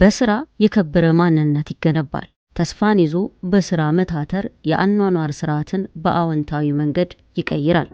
በስራ የከበረ ማንነት ይገነባል። ተስፋን ይዞ በስራ መታተር የአኗኗር ስርዓትን በአዎንታዊ መንገድ ይቀይራል።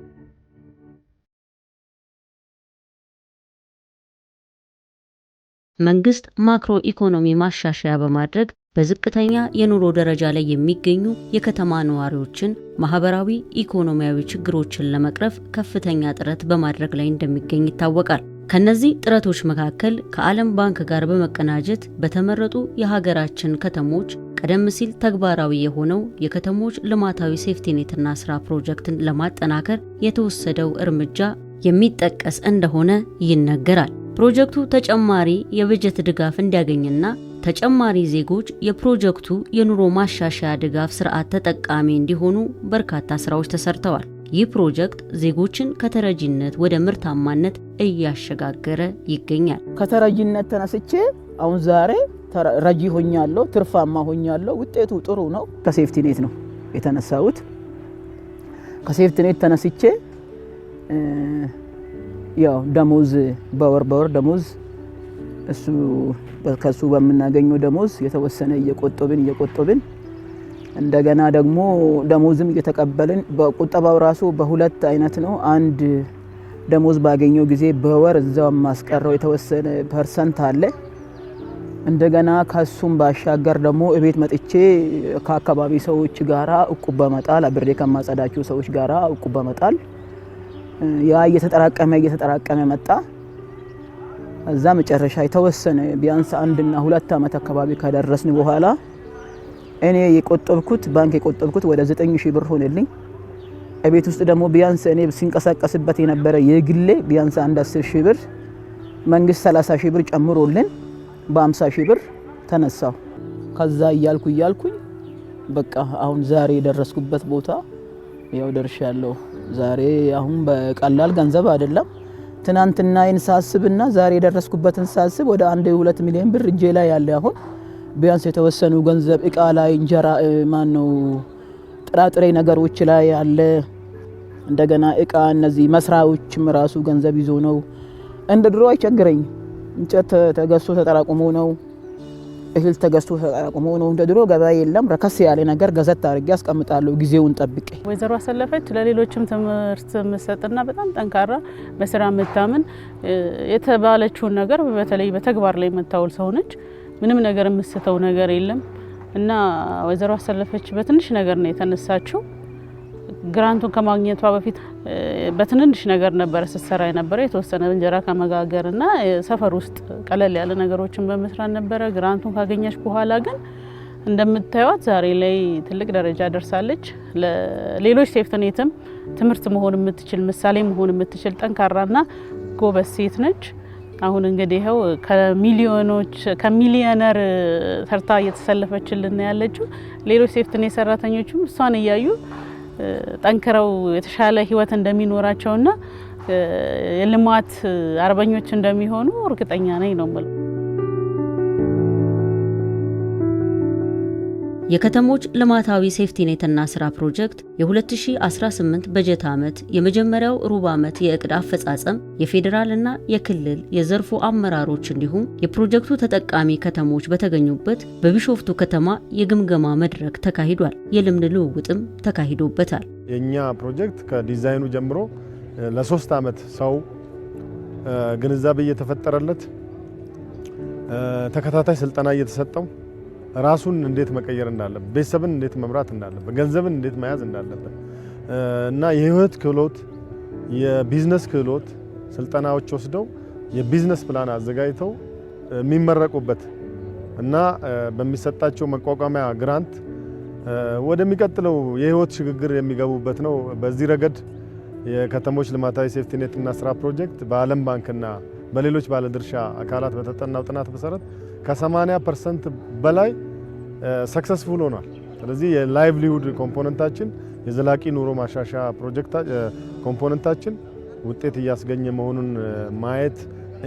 መንግስት ማክሮ ኢኮኖሚ ማሻሻያ በማድረግ በዝቅተኛ የኑሮ ደረጃ ላይ የሚገኙ የከተማ ነዋሪዎችን ማህበራዊ ኢኮኖሚያዊ ችግሮችን ለመቅረፍ ከፍተኛ ጥረት በማድረግ ላይ እንደሚገኝ ይታወቃል። ከነዚህ ጥረቶች መካከል ከዓለም ባንክ ጋር በመቀናጀት በተመረጡ የሀገራችን ከተሞች ቀደም ሲል ተግባራዊ የሆነው የከተሞች ልማታዊ ሴፍቲኔትና ስራ ፕሮጀክትን ለማጠናከር የተወሰደው እርምጃ የሚጠቀስ እንደሆነ ይነገራል። ፕሮጀክቱ ተጨማሪ የበጀት ድጋፍ እንዲያገኝና ተጨማሪ ዜጎች የፕሮጀክቱ የኑሮ ማሻሻያ ድጋፍ ስርዓት ተጠቃሚ እንዲሆኑ በርካታ ስራዎች ተሰርተዋል። ይህ ፕሮጀክት ዜጎችን ከተረጂነት ወደ ምርታማነት እያሸጋገረ ይገኛል። ከተረጂነት ተነስቼ አሁን ዛሬ ረጂ ሆኛለሁ፣ ትርፋማ ሆኛለሁ። ውጤቱ ጥሩ ነው። ከሴፍቲኔት ነው የተነሳሁት። ከሴፍቲኔት ተነስቼ ያው ደሞዝ በወር በወር ደሞዝ እሱ ከሱ በምናገኘው ደሞዝ የተወሰነ እየቆጠብን እየቆጠብን እንደገና ደግሞ ደሞዝም እየተቀበልን በቁጠባው ራሱ በሁለት አይነት ነው። አንድ ደሞዝ ባገኘው ጊዜ በወር እዛው ማስቀረው የተወሰነ ፐርሰንት አለ። እንደገና ከሱም ባሻገር ደግሞ እቤት መጥቼ ከአካባቢ ሰዎች ጋራ እቁብ በመጣል አብሬ ከማጸዳቸው ሰዎች ጋራ እቁብ በመጣል ያ እየተጠራቀመ እየተጠራቀመ መጣ። እዛ መጨረሻ የተወሰነ ቢያንስ አንድና ሁለት ዓመት አካባቢ ከደረስን በኋላ እኔ የቆጠብኩት ባንክ የቆጠብኩት ወደ 9000 ብር ሆነልኝ። ቤት ውስጥ ደግሞ ቢያንስ እኔ ሲንቀሳቀስበት የነበረ የግሌ ቢያንስ አንድ 10000 ብር መንግስት 30000 ብር ጨምሮልን በ50000 ብር ተነሳው። ከዛ እያልኩ እያልኩኝ በቃ አሁን ዛሬ የደረስኩበት ቦታ ያው ደርሻለሁ። ዛሬ አሁን በቀላል ገንዘብ አይደለም። ትናንትና ይህን ሳስብና ዛሬ የደረስኩበትን ሳስብ ወደ አንድ ሁለት ሚሊዮን ብር እጄ ላይ ያለ አሁን ቢያንስ የተወሰኑ ገንዘብ እቃ ላይ እንጀራ ማን ነው ጥራጥሬ ነገሮች ላይ አለ። እንደገና እቃ እነዚህ መስሪያዎችም ራሱ ገንዘብ ይዞ ነው። እንደ ድሮ አይቸግረኝ። እንጨት ተገዝቶ ተጠራቁሞ ነው። እህል ተገዝቶ ተጠራቁሞ ነው። እንደ ድሮ ገበያ የለም። ረከስ ያለ ነገር ገዘት አድርጌ አስቀምጣለሁ ጊዜውን ጠብቄ። ወይዘሮ አሰለፈች ለሌሎችም ትምህርት የምትሰጥና በጣም ጠንካራ በስራ የምታምን የተባለችውን ነገር በተለይ በተግባር ላይ የምታውል ሰው ነች። ምንም ነገር የምስተው ነገር የለም እና ወይዘሮ አሰለፈች በትንሽ ነገር ነው የተነሳችው። ግራንቱን ከማግኘቷ በፊት በትንንሽ ነገር ነበረ ስትሰራ ነበረ። የተወሰነ እንጀራ ከመጋገር እና ሰፈር ውስጥ ቀለል ያለ ነገሮችን በመስራት ነበረ። ግራንቱን ካገኘች በኋላ ግን እንደምታዩት ዛሬ ላይ ትልቅ ደረጃ ደርሳለች። ለሌሎች ሴፍትኔትም ትምህርት መሆን የምትችል ምሳሌ መሆን የምትችል ጠንካራና ጎበዝ ሴት ነች። አሁን እንግዲህ ይኸው ከሚሊዮኖች ከሚሊዮነር ተርታ እየተሰለፈችልን ያለችው ሌሎች ሴፍትኔት ሰራተኞችም እሷን እያዩ ጠንክረው የተሻለ ህይወት እንደሚኖራቸውና የልማት አርበኞች እንደሚሆኑ እርግጠኛ ነኝ ነው የምለው። የከተሞች ልማታዊ ሴፍቲኔትና ስራ ፕሮጀክት የ2018 በጀት ዓመት የመጀመሪያው ሩብ ዓመት የእቅድ አፈጻጸም የፌዴራልና የክልል የዘርፉ አመራሮች እንዲሁም የፕሮጀክቱ ተጠቃሚ ከተሞች በተገኙበት በቢሾፍቱ ከተማ የግምገማ መድረክ ተካሂዷል። የልምድ ልውውጥም ተካሂዶበታል። የእኛ ፕሮጀክት ከዲዛይኑ ጀምሮ ለሶስት ዓመት ሰው ግንዛቤ እየተፈጠረለት ተከታታይ ስልጠና እየተሰጠው ራሱን እንዴት መቀየር እንዳለበት፣ ቤተሰብን እንዴት መምራት እንዳለበት፣ ገንዘብን እንዴት መያዝ እንዳለበት እና የህይወት ክህሎት፣ የቢዝነስ ክህሎት ስልጠናዎች ወስደው የቢዝነስ ፕላን አዘጋጅተው የሚመረቁበት እና በሚሰጣቸው መቋቋሚያ ግራንት ወደሚቀጥለው የህይወት ሽግግር የሚገቡበት ነው። በዚህ ረገድ የከተሞች ልማታዊ ሴፍቲኔትና ስራ ፕሮጀክት በዓለም ባንክና በሌሎች ባለድርሻ አካላት በተጠናው ጥናት መሰረት ከ80 ፐርሰንት በላይ ሰክሰስፉል ሆኗል። ስለዚህ የላይቭሊሁድ ኮምፖነንታችን የዘላቂ ኑሮ ማሻሻ ፕሮጀክት ኮምፖነንታችን ውጤት እያስገኘ መሆኑን ማየት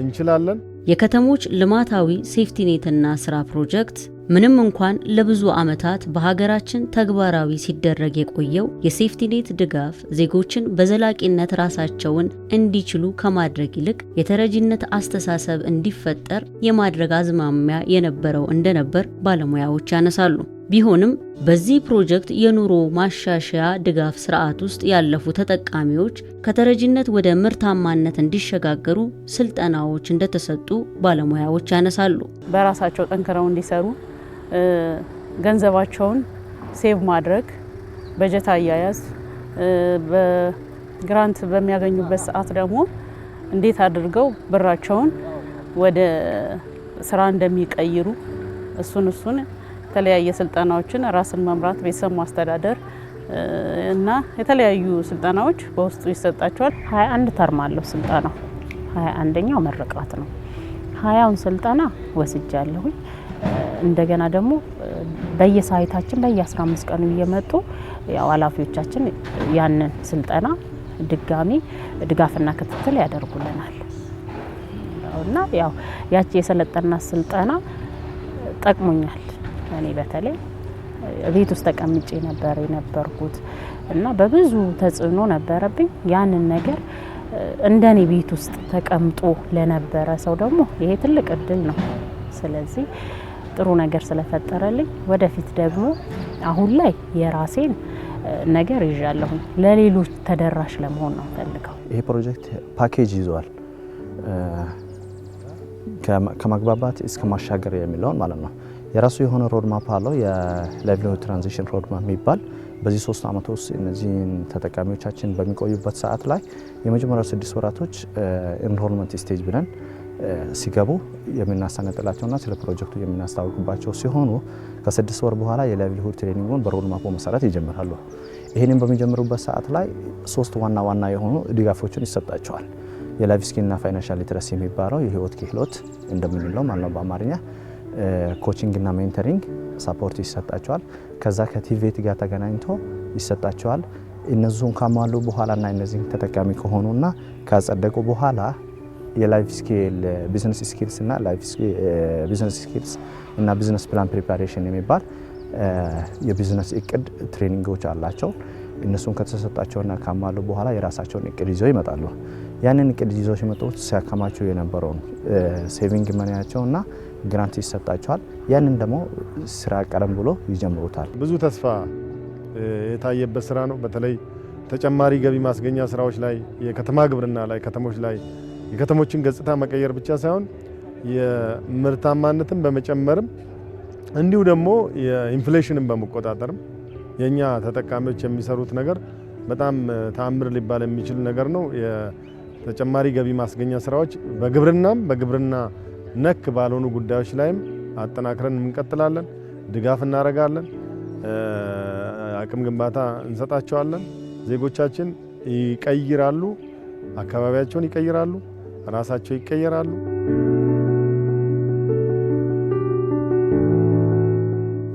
እንችላለን። የከተሞች ልማታዊ ሴፍቲኔትና ስራ ፕሮጀክት ምንም እንኳን ለብዙ ዓመታት በሀገራችን ተግባራዊ ሲደረግ የቆየው የሴፍቲኔት ድጋፍ ዜጎችን በዘላቂነት ራሳቸውን እንዲችሉ ከማድረግ ይልቅ የተረጂነት አስተሳሰብ እንዲፈጠር የማድረግ አዝማሚያ የነበረው እንደነበር ባለሙያዎች ያነሳሉ። ቢሆንም በዚህ ፕሮጀክት የኑሮ ማሻሻያ ድጋፍ ስርዓት ውስጥ ያለፉ ተጠቃሚዎች ከተረጂነት ወደ ምርታማነት እንዲሸጋገሩ ስልጠናዎች እንደተሰጡ ባለሙያዎች ያነሳሉ። በራሳቸው ጠንክረው እንዲሰሩ ገንዘባቸውን ሴቭ ማድረግ፣ በጀት አያያዝ፣ በግራንት በሚያገኙበት ሰዓት ደግሞ እንዴት አድርገው ብራቸውን ወደ ስራ እንደሚቀይሩ እሱን እሱን የተለያየ ስልጠናዎችን ራስን መምራት፣ ቤተሰብ ማስተዳደር እና የተለያዩ ስልጠናዎች በውስጡ ይሰጣቸዋል። ሀያ አንድ ተርም አለው ስልጠናው። ሀያ አንደኛው መረቃት ነው። ሀያውን ስልጠና ወስጃለሁኝ። እንደገና ደግሞ በየሳይታችን በየ15 ቀኑ እየመጡ ያው ኃላፊዎቻችን ያንን ስልጠና ድጋሚ ድጋፍና ክትትል ያደርጉልናል እና ያው ያቺ የሰለጠና ስልጠና ጠቅሞኛል። እኔ በተለይ ቤት ውስጥ ተቀምጬ ነበር የነበርኩት እና በብዙ ተጽዕኖ ነበረብኝ። ያንን ነገር እንደኔ ቤት ውስጥ ተቀምጦ ለነበረ ሰው ደግሞ ይሄ ትልቅ እድል ነው። ስለዚህ ጥሩ ነገር ስለፈጠረልኝ ወደፊት ደግሞ አሁን ላይ የራሴን ነገር ይዣለሁ። ለሌሎች ተደራሽ ለመሆን ነው ፈልገው። ይሄ ፕሮጀክት ፓኬጅ ይዟል ከማግባባት እስከ ማሻገር የሚለውን ማለት ነው የራሱ የሆነ ሮድማፕ አለው። የላይቭሊሁድ ትራንዚሽን ሮድማፕ የሚባል በዚህ ሶስት ዓመት ውስጥ እነዚህን ተጠቃሚዎቻችን በሚቆዩበት ሰዓት ላይ የመጀመሪያው ስድስት ወራቶች ኢንሮልመንት ስቴጅ ብለን ሲገቡ የምናስተነጥላቸውና ስለ ፕሮጀክቱ የምናስታውቅባቸው ሲሆኑ ከስድስት ወር በኋላ የላይቭሊሁድ ትሬኒንግን በሮድማፖ መሰረት ይጀምራሉ። ይህንን በሚጀምሩበት ሰዓት ላይ ሶስት ዋና ዋና የሆኑ ድጋፎችን ይሰጣቸዋል። የላይፍ ስኪልና ፋይናንሻል ሊትረሲ የሚባለው የህይወት ክህሎት እንደምንለው ማለት ነው በአማርኛ ኮችንግ እና ሜንተሪንግ ሰፖርት ይሰጣቸዋል። ከዛ ከቲቬት ጋር ተገናኝቶ ይሰጣቸዋል። እነዚሁን ካሟሉ በኋላ እና እነዚህ ተጠቃሚ ከሆኑ እና ካጸደቁ በኋላ የላይፍ ስኪል ቢዝነስ ስኪልስ እና ቢዝነስ ስኪልስ እና ቢዝነስ ፕላን ፕሪፓሬሽን የሚባል የቢዝነስ እቅድ ትሬኒንጎች አላቸው። እነሱን ከተሰጣቸውና ካሟሉ በኋላ የራሳቸውን እቅድ ይዘው ይመጣሉ። ያንን እቅድ ይዘው ሲመጡ ሲያከማቸው የነበረውን ሴቪንግ መናያቸው እና ግራንት ይሰጣቸዋል። ያንን ደግሞ ስራ ቀደም ብሎ ይጀምሩታል። ብዙ ተስፋ የታየበት ስራ ነው። በተለይ ተጨማሪ ገቢ ማስገኛ ስራዎች ላይ፣ የከተማ ግብርና ላይ፣ ከተሞች ላይ የከተሞችን ገጽታ መቀየር ብቻ ሳይሆን የምርታማነትን በመጨመርም እንዲሁ ደግሞ የኢንፍሌሽንን በመቆጣጠርም የእኛ ተጠቃሚዎች የሚሰሩት ነገር በጣም ተአምር ሊባል የሚችል ነገር ነው። የተጨማሪ ገቢ ማስገኛ ስራዎች በግብርናም በግብርና ነክ ባልሆኑ ጉዳዮች ላይም አጠናክረን እንቀጥላለን። ድጋፍ እናደርጋለን። አቅም ግንባታ እንሰጣቸዋለን። ዜጎቻችን ይቀይራሉ፣ አካባቢያቸውን ይቀይራሉ፣ ራሳቸው ይቀየራሉ።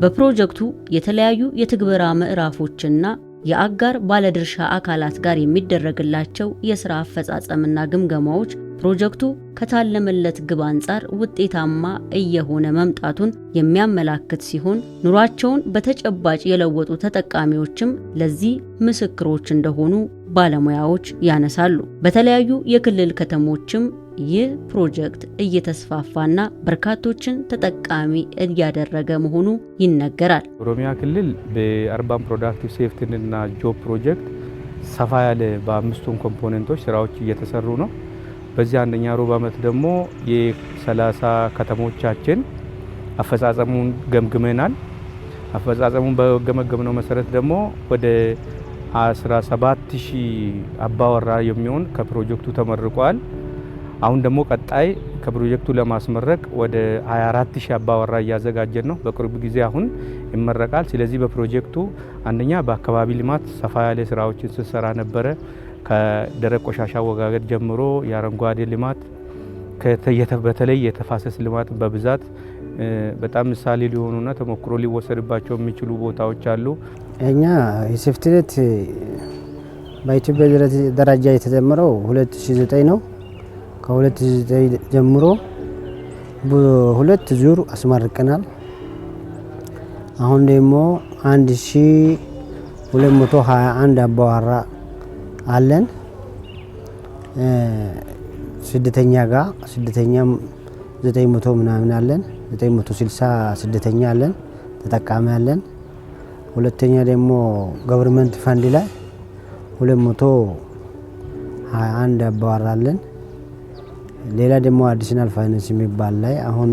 በፕሮጀክቱ የተለያዩ የትግበራ ምዕራፎችና የአጋር ባለድርሻ አካላት ጋር የሚደረግላቸው የስራ አፈጻጸምና ግምገማዎች ፕሮጀክቱ ከታለመለት ግብ አንጻር ውጤታማ እየሆነ መምጣቱን የሚያመላክት ሲሆን ኑሯቸውን በተጨባጭ የለወጡ ተጠቃሚዎችም ለዚህ ምስክሮች እንደሆኑ ባለሙያዎች ያነሳሉ። በተለያዩ የክልል ከተሞችም ይህ ፕሮጀክት እየተስፋፋና በርካቶችን ተጠቃሚ እያደረገ መሆኑ ይነገራል። ኦሮሚያ ክልል በአርባን ፕሮዳክቲቭ ሴፍትንና ጆብ ፕሮጀክት ሰፋ ያለ በአምስቱን ኮምፖነንቶች ስራዎች እየተሰሩ ነው። በዚህ አንደኛ ሩብ ዓመት ደግሞ የሰላሳ ከተሞቻችን አፈጻጸሙን ገምግመናል። አፈጻጸሙን በገመገምነው መሰረት ደግሞ ወደ 17000 አባወራ የሚሆን ከፕሮጀክቱ ተመርቋል። አሁን ደግሞ ቀጣይ ከፕሮጀክቱ ለማስመረቅ ወደ 24000 አባወራ እያዘጋጀን ነው። በቅርብ ጊዜ አሁን ይመረቃል። ስለዚህ በፕሮጀክቱ አንደኛ በአካባቢ ልማት ሰፋ ያለ ስራዎችን ስንሰራ ነበረ። ከደረቅ ቆሻሻ አወጋገድ ጀምሮ የአረንጓዴ ልማት በተለይ የተፋሰስ ልማት በብዛት በጣም ምሳሌ ሊሆኑና ተሞክሮ ሊወሰድባቸው የሚችሉ ቦታዎች አሉ። እኛ የሴፍቲኔት በኢትዮጵያ ደረጃ የተጀመረው 2009 ነው። ከ2009 ጀምሮ ሁለት ዙር አስመርቀናል። አሁን ደግሞ 1221 አባዋራ አለን። ስደተኛ ጋር ስደተኛም ዘጠኝ መቶ ምናምን አለን። ዘጠኝ መቶ ስልሳ ስደተኛ አለን፣ ተጠቃሚ አለን። ሁለተኛ ደግሞ ገቨርንመንት ፈንድ ላይ ሁለት መቶ ሀያ አንድ ሌላ ደግሞ አዲሽናል ፋይናንስ የሚባል ላይ አሁን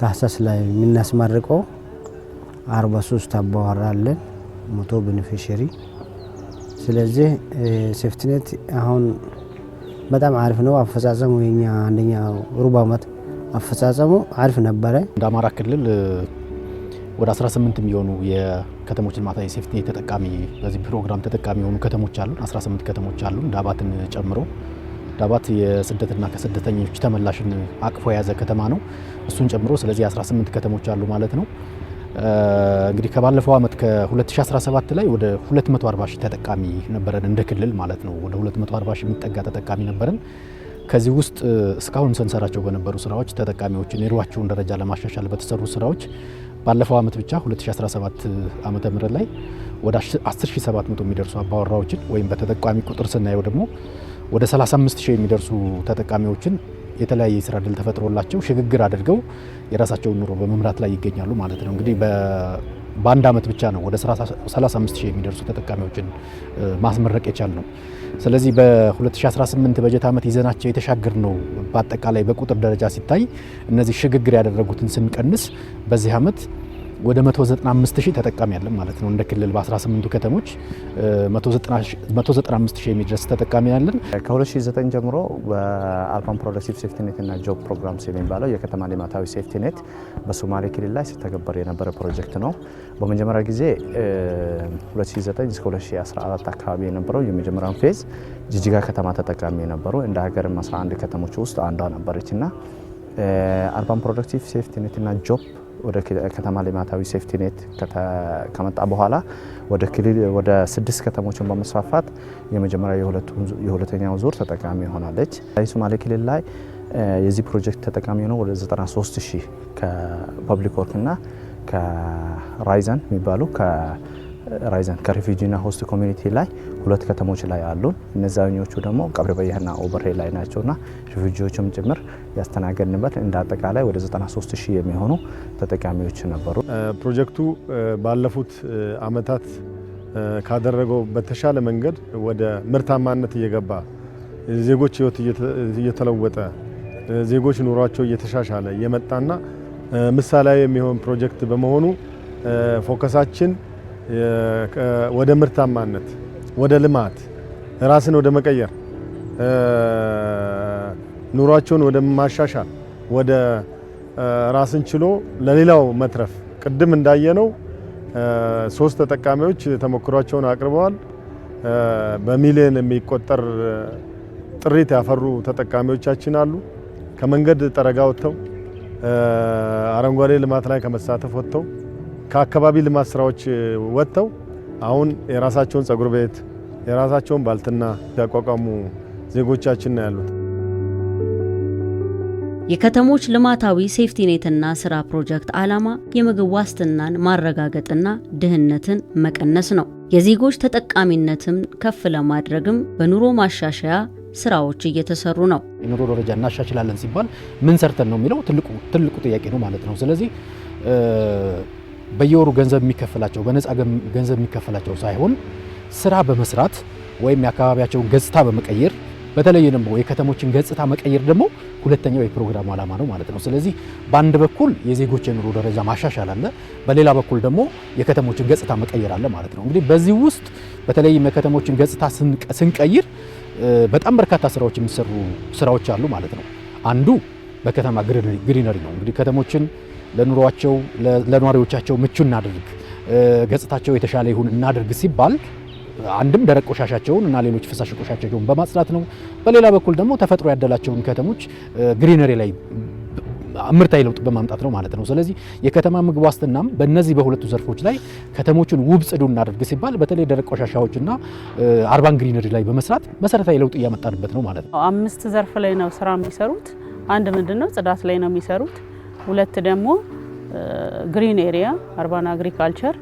ታህሳስ ላይ የምናስመርቀው አርባ ሶስት አባወራለን መቶ ቤኔፊሽሪ ስለዚህ ሴፍቲኔት አሁን በጣም አሪፍ ነው አፈጻጸሙ። የኛ አንደኛ ሩብ ዓመት አፈጻጸሙ አሪፍ ነበረ። እንደ አማራ ክልል ወደ 18 የሚሆኑ የከተሞች ልማታ የሴፍቲኔት ተጠቃሚ በዚህ ፕሮግራም ተጠቃሚ የሆኑ ከተሞች አሉ፣ 18 ከተሞች አሉን ዳባትን ጨምሮ። ዳባት የስደትና ከስደተኞች ተመላሽን አቅፎ የያዘ ከተማ ነው፣ እሱን ጨምሮ። ስለዚህ 18 ከተሞች አሉ ማለት ነው። እንግዲህ ከባለፈው ዓመት ከ2017 ላይ ወደ 240 ሺህ ተጠቃሚ ነበረን እንደ ክልል ማለት ነው። ወደ 240 ሺህ የሚጠጋ ተጠቃሚ ነበረን። ከዚህ ውስጥ እስካሁን ስንሰራቸው በነበሩ ስራዎች ተጠቃሚዎችን የኑሯቸውን ደረጃ ለማሻሻል በተሰሩ ስራዎች ባለፈው ዓመት ብቻ 2017 ዓመተ ምህረት ላይ ወደ 10700 የሚደርሱ አባወራዎችን ወይም በተጠቃሚ ቁጥር ስናየው ደግሞ ወደ 35000 የሚደርሱ ተጠቃሚዎችን የተለያየ የስራ እድል ተፈጥሮላቸው ሽግግር አድርገው የራሳቸውን ኑሮ በመምራት ላይ ይገኛሉ ማለት ነው። እንግዲህ በአንድ አመት ብቻ ነው ወደ 35 ሺህ የሚደርሱ ተጠቃሚዎችን ማስመረቅ የቻል ነው። ስለዚህ በ2018 በጀት ዓመት ይዘናቸው የተሻገር ነው። በአጠቃላይ በቁጥር ደረጃ ሲታይ እነዚህ ሽግግር ያደረጉትን ስንቀንስ በዚህ ዓመት ወደ 195000 ተጠቃሚ ያለን ማለት ነው። እንደ ክልል በ18ቱ ከተሞች 195000 የሚደርስ ተጠቃሚ ያለን። ከ2009 ጀምሮ በአርባን ሴፍቲ ኔት እና ጆብ ፕሮግራም የሚባለው የከተማ ልማታዊ ኔት በሶማሌ ክልል ላይ ሲተገበር የነበረ ፕሮጀክት ነው። በመጀመሪያ ጊዜ 2009 እስከ 2014 አካባቢ የነበረው የመጀመሪያውን ፌዝ ጅጅጋ ከተማ ተጠቃሚ የነበሩ እንደ ሀገርም 11 ከተሞች ውስጥ አንዷ ነበረች እና አርባን ሴፍቲ ኔት እና ጆብ ወደ ከተማ ልማታዊ ሴፍቲ ኔት ከመጣ በኋላ ወደ ክልል ወደ ስድስት ከተሞችን በመስፋፋት የመጀመሪያ የሁለተኛው ዙር ተጠቃሚ ሆናለች። የሶማሌ ክልል ላይ የዚህ ፕሮጀክት ተጠቃሚ ሆነው ወደ 93 ሺህ ከፐብሊክ ወርክ እና ከራይዘን የሚባሉ ራይዘን ከሪፊጂና ሆስት ኮሚኒቲ ላይ ሁለት ከተሞች ላይ አሉን። እነዛኞቹ ደግሞ ቀብሪ በያህና ኦበርሄ ላይ ናቸውና ሪፊጂዎችም ጭምር ያስተናገድንበት እንደ አጠቃላይ ወደ 93 ሺህ የሚሆኑ ተጠቃሚዎች ነበሩ። ፕሮጀክቱ ባለፉት አመታት ካደረገው በተሻለ መንገድ ወደ ምርታማነት እየገባ ዜጎች ህይወት እየተለወጠ ዜጎች ኑሯቸው እየተሻሻለ እየመጣና ምሳሌያዊ የሚሆን ፕሮጀክት በመሆኑ ፎከሳችን ወደ ምርታማነት፣ ወደ ልማት፣ ራስን ወደ መቀየር፣ ኑሯቸውን ወደ ማሻሻል፣ ወደ ራስን ችሎ ለሌላው መትረፍ ቅድም እንዳየነው ሶስት ተጠቃሚዎች ተሞክሯቸውን አቅርበዋል። በሚሊዮን የሚቆጠር ጥሪት ያፈሩ ተጠቃሚዎቻችን አሉ። ከመንገድ ጠረጋ ወጥተው አረንጓዴ ልማት ላይ ከመሳተፍ ወጥተው ከአካባቢ ልማት ስራዎች ወጥተው አሁን የራሳቸውን ጸጉር ቤት የራሳቸውን ባልትና ያቋቋሙ ዜጎቻችን ነው ያሉት። የከተሞች ልማታዊ ሴፍቲኔትና ስራ ፕሮጀክት ዓላማ የምግብ ዋስትናን ማረጋገጥና ድህነትን መቀነስ ነው። የዜጎች ተጠቃሚነትን ከፍ ለማድረግም በኑሮ ማሻሻያ ስራዎች እየተሰሩ ነው። የኑሮ ደረጃ እናሻሽላለን ሲባል ምን ሰርተን ነው የሚለው ትልቁ ጥያቄ ነው ማለት ነው። ስለዚህ በየወሩ ገንዘብ የሚከፈላቸው በነፃ ገንዘብ የሚከፈላቸው ሳይሆን ስራ በመስራት ወይም የአካባቢያቸውን ገጽታ በመቀየር በተለይ ደግሞ የከተሞችን ገጽታ መቀየር ደግሞ ሁለተኛው የፕሮግራሙ ዓላማ ነው ማለት ነው። ስለዚህ በአንድ በኩል የዜጎች የኑሮ ደረጃ ማሻሻል አለ፣ በሌላ በኩል ደግሞ የከተሞችን ገጽታ መቀየር አለ ማለት ነው። እንግዲህ በዚህ ውስጥ በተለይም የከተሞችን ገጽታ ስንቀይር በጣም በርካታ ስራዎች የሚሰሩ ስራዎች አሉ ማለት ነው። አንዱ በከተማ ግሪነሪ ነው። እንግዲህ ከተሞችን ለኑሯቸው ለኗሪዎቻቸው ምቹ እናድርግ፣ ገጽታቸው የተሻለ ይሁን እናድርግ ሲባል አንድም ደረቅ ቆሻሻቸውን እና ሌሎች ፍሳሽ ቆሻሻቸውን በማጽዳት ነው። በሌላ በኩል ደግሞ ተፈጥሮ ያደላቸውን ከተሞች ግሪነሪ ላይ ምርታዊ ለውጥ በማምጣት ነው ማለት ነው። ስለዚህ የከተማ ምግብ ዋስትናም በእነዚህ በሁለቱ ዘርፎች ላይ ከተሞቹን ውብ፣ ጽዱ እናደርግ ሲባል በተለይ ደረቅ ቆሻሻዎችና አርባን ግሪነሪ ላይ በመስራት መሰረታዊ ለውጥ እያመጣንበት ነው ማለት ነው። አምስት ዘርፍ ላይ ነው ስራ የሚሰሩት። አንድ ምንድን ነው ጽዳት ላይ ነው የሚሰሩት ሁለት ደግሞ ግሪን ኤሪያ አርባን አግሪካልቸር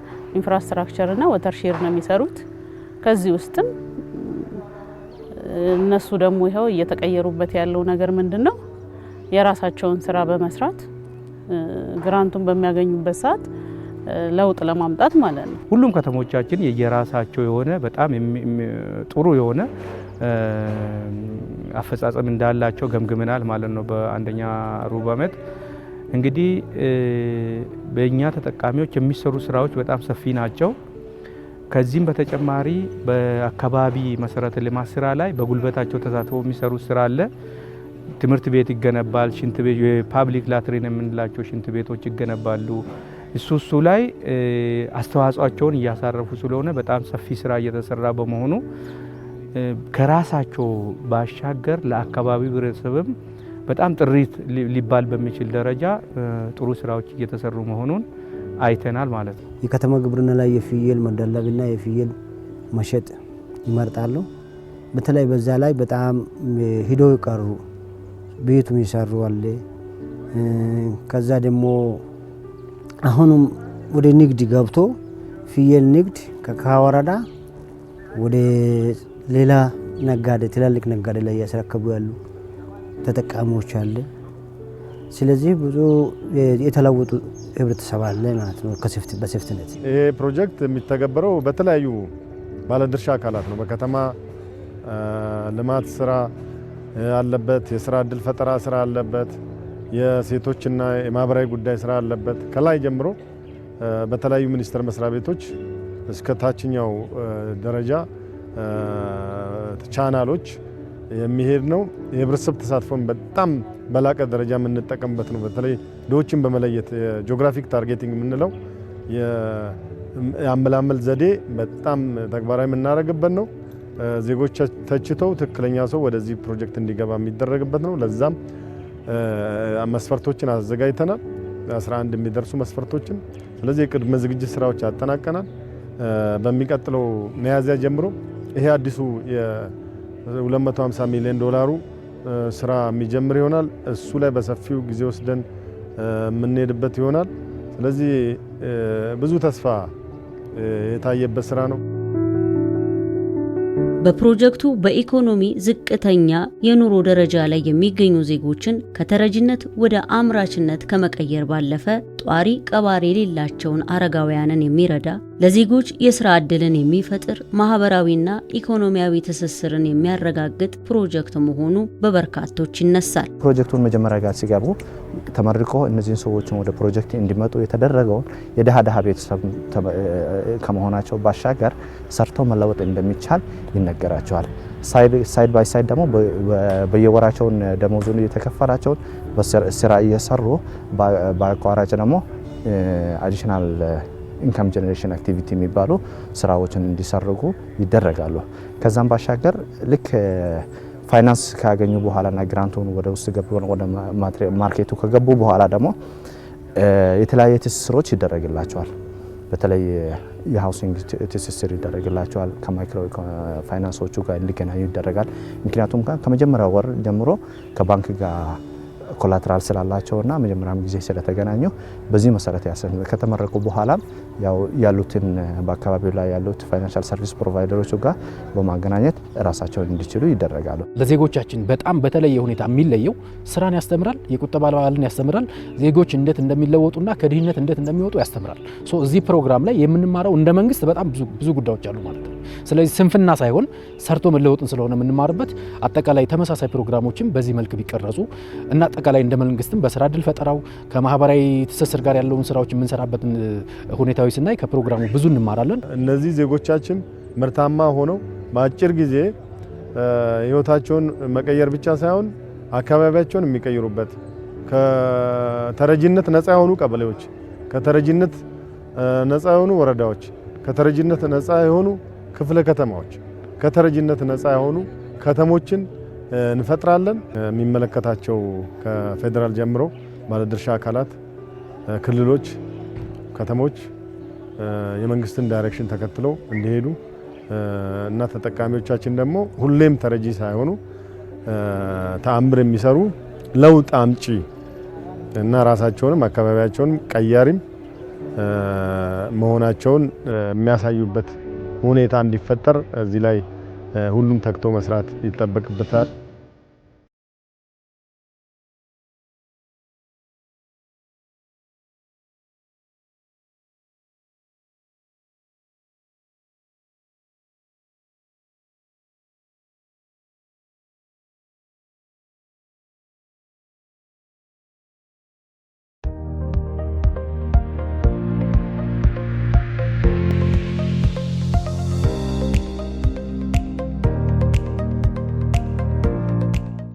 እና ወተር ሼር ነው የሚሰሩት። ከዚህ ውስጥም እነሱ ደግሞ ይኸው እየተቀየሩበት ያለው ነገር ምንድን ነው? የራሳቸውን ስራ በመስራት ግራንቱን በሚያገኙበት ሰዓት ለውጥ ለማምጣት ማለት ነው። ሁሉም ከተሞቻችን የየራሳቸው የሆነ በጣም ጥሩ የሆነ አፈጻጸም እንዳላቸው ገምግመናል ማለት ነው በአንደኛ ሩብ ዓመት እንግዲህ በእኛ ተጠቃሚዎች የሚሰሩ ስራዎች በጣም ሰፊ ናቸው። ከዚህም በተጨማሪ በአካባቢ መሰረተ ልማት ስራ ላይ በጉልበታቸው ተሳትፎ የሚሰሩ ስራ አለ። ትምህርት ቤት ይገነባል። ሽንት ቤት የፓብሊክ ላትሪን የምንላቸው ሽንት ቤቶች ይገነባሉ። እሱ እሱ ላይ አስተዋጽቸውን እያሳረፉ ስለሆነ በጣም ሰፊ ስራ እየተሰራ በመሆኑ ከራሳቸው ባሻገር ለአካባቢው ህብረተሰብም በጣም ጥሪት ሊባል በሚችል ደረጃ ጥሩ ስራዎች እየተሰሩ መሆኑን አይተናል ማለት ነው። የከተማ ግብርና ላይ የፍየል መደለብና የፍየል መሸጥ ይመርጣሉ። በተለይ በዛ ላይ በጣም ሂዶ ይቀሩ ቤቱም ይሰሩ አለ። ከዛ ደግሞ አሁንም ወደ ንግድ ገብቶ ፍየል ንግድ ከወረዳ ወደ ሌላ ነጋዴ ትላልቅ ነጋዴ ላይ እያስረከቡ ያሉ ተጠቃሚዎች አለ። ስለዚህ ብዙ የተለወጡ ህብረተሰብ አለ ማለት ነው። በሴፍትነት ይሄ ፕሮጀክት የሚተገበረው በተለያዩ ባለድርሻ አካላት ነው። በከተማ ልማት ስራ አለበት፣ የስራ እድል ፈጠራ ስራ አለበት፣ የሴቶችና የማህበራዊ ጉዳይ ስራ አለበት። ከላይ ጀምሮ በተለያዩ ሚኒስቴር መስሪያ ቤቶች እስከ ታችኛው ደረጃ ቻናሎች የሚሄድ ነው። የህብረተሰብ ተሳትፎን በጣም በላቀ ደረጃ የምንጠቀምበት ነው። በተለይ ዶዎችን በመለየት የጂኦግራፊክ ታርጌቲንግ የምንለው የአመላመል ዘዴ በጣም ተግባራዊ የምናደርግበት ነው። ዜጎች ተችተው ትክክለኛ ሰው ወደዚህ ፕሮጀክት እንዲገባ የሚደረግበት ነው። ለዛም መስፈርቶችን አዘጋጅተናል፣ 11 የሚደርሱ መስፈርቶችን። ስለዚህ የቅድመ ዝግጅት ስራዎች አጠናቀናል በሚቀጥለው ሚያዝያ ጀምሮ ይሄ አዲሱ 250 ሚሊዮን ዶላሩ ስራ የሚጀምር ይሆናል። እሱ ላይ በሰፊው ጊዜ ወስደን የምንሄድበት ይሆናል። ስለዚህ ብዙ ተስፋ የታየበት ስራ ነው። በፕሮጀክቱ በኢኮኖሚ ዝቅተኛ የኑሮ ደረጃ ላይ የሚገኙ ዜጎችን ከተረጅነት ወደ አምራችነት ከመቀየር ባለፈ ጧሪ ቀባሪ የሌላቸውን አረጋውያንን የሚረዳ ለዜጎች የስራ ዕድልን የሚፈጥር ማህበራዊና ኢኮኖሚያዊ ትስስርን የሚያረጋግጥ ፕሮጀክት መሆኑ በበርካቶች ይነሳል። ፕሮጀክቱን መጀመሪያ ጋር ሲገቡ ተመርቆ እነዚህን ሰዎች ወደ ፕሮጀክት እንዲመጡ የተደረገውን የድሃ ድሃ ቤተሰብ ከመሆናቸው ባሻገር ሰርተው መለወጥ እንደሚቻል ይነገራቸዋል። ሳይድ ባይ ሳይድ ደግሞ በየወራቸውን ደሞዙን እየተከፈላቸውን ስራ እየሰሩ በአቋራጭ ደግሞ አዲሽናል ኢንካም ጀኔሬሽን አክቲቪቲ የሚባሉ ስራዎችን እንዲሰርጉ ይደረጋሉ። ከዛም ባሻገር ልክ ፋይናንስ ካገኙ በኋላና ግራንቱን ወደ ውስጥ ገብተው ወደ ማርኬቱ ከገቡ በኋላ ደግሞ የተለያየ ትስስሮች ይደረግላቸዋል። በተለይ የሀውሲንግ ትስስር ይደረግላቸዋል። ከማይክሮ ፋይናንሶቹ ጋር እንዲገናኙ ይደረጋል። ምክንያቱም ከመጀመሪያ ወር ጀምሮ ከባንክ ጋር ኮላትራል ስላላቸውና መጀመሪያም ጊዜ ስለተገናኙ በዚህ መሰረት ያሰ ከተመረቁ በኋላ ያሉትን በአካባቢው ላይ ያሉት ፋይናንሻል ሰርቪስ ፕሮቫይደሮቹ ጋር በማገናኘት ራሳቸውን እንዲችሉ ይደረጋሉ። ለዜጎቻችን በጣም በተለየ ሁኔታ የሚለየው ስራን ያስተምራል፣ የቁጠባ ባህልን ያስተምራል፣ ዜጎች እንዴት እንደሚለወጡና ከድህነት እንዴት እንደሚወጡ ያስተምራል። እዚህ ፕሮግራም ላይ የምንማረው እንደ መንግስት በጣም ብዙ ጉዳዮች አሉ ማለት ነው። ስለዚህ ስንፍና ሳይሆን ሰርቶ መለወጥን ስለሆነ የምንማርበት አጠቃላይ ተመሳሳይ ፕሮግራሞችን በዚህ መልክ ቢቀረጹ እና አጠቃላይ እንደ መንግስትም በስራ እድል ፈጠራው ከማህበራዊ ትስስር ጋር ያለውን ስራዎች የምንሰራበትን ሁኔታዊ ስናይ ከፕሮግራሙ ብዙ እንማራለን። እነዚህ ዜጎቻችን ምርታማ ሆነው በአጭር ጊዜ ህይወታቸውን መቀየር ብቻ ሳይሆን አካባቢያቸውን የሚቀይሩበት ከተረጂነት ነፃ የሆኑ ቀበሌዎች፣ ከተረጂነት ነፃ የሆኑ ወረዳዎች፣ ከተረጂነት ነፃ የሆኑ ክፍለ ከተማዎች፣ ከተረጂነት ነፃ የሆኑ ከተሞችን እንፈጥራለን። የሚመለከታቸው ከፌዴራል ጀምሮ ባለድርሻ አካላት፣ ክልሎች፣ ከተሞች የመንግስትን ዳይሬክሽን ተከትለው እንዲሄዱ እና ተጠቃሚዎቻችን ደግሞ ሁሌም ተረጂ ሳይሆኑ ተአምር የሚሰሩ ለውጥ አምጪ እና ራሳቸውንም አካባቢያቸውንም ቀያሪም መሆናቸውን የሚያሳዩበት ሁኔታ እንዲፈጠር እዚህ ላይ ሁሉም ተግቶ መስራት ይጠበቅበታል።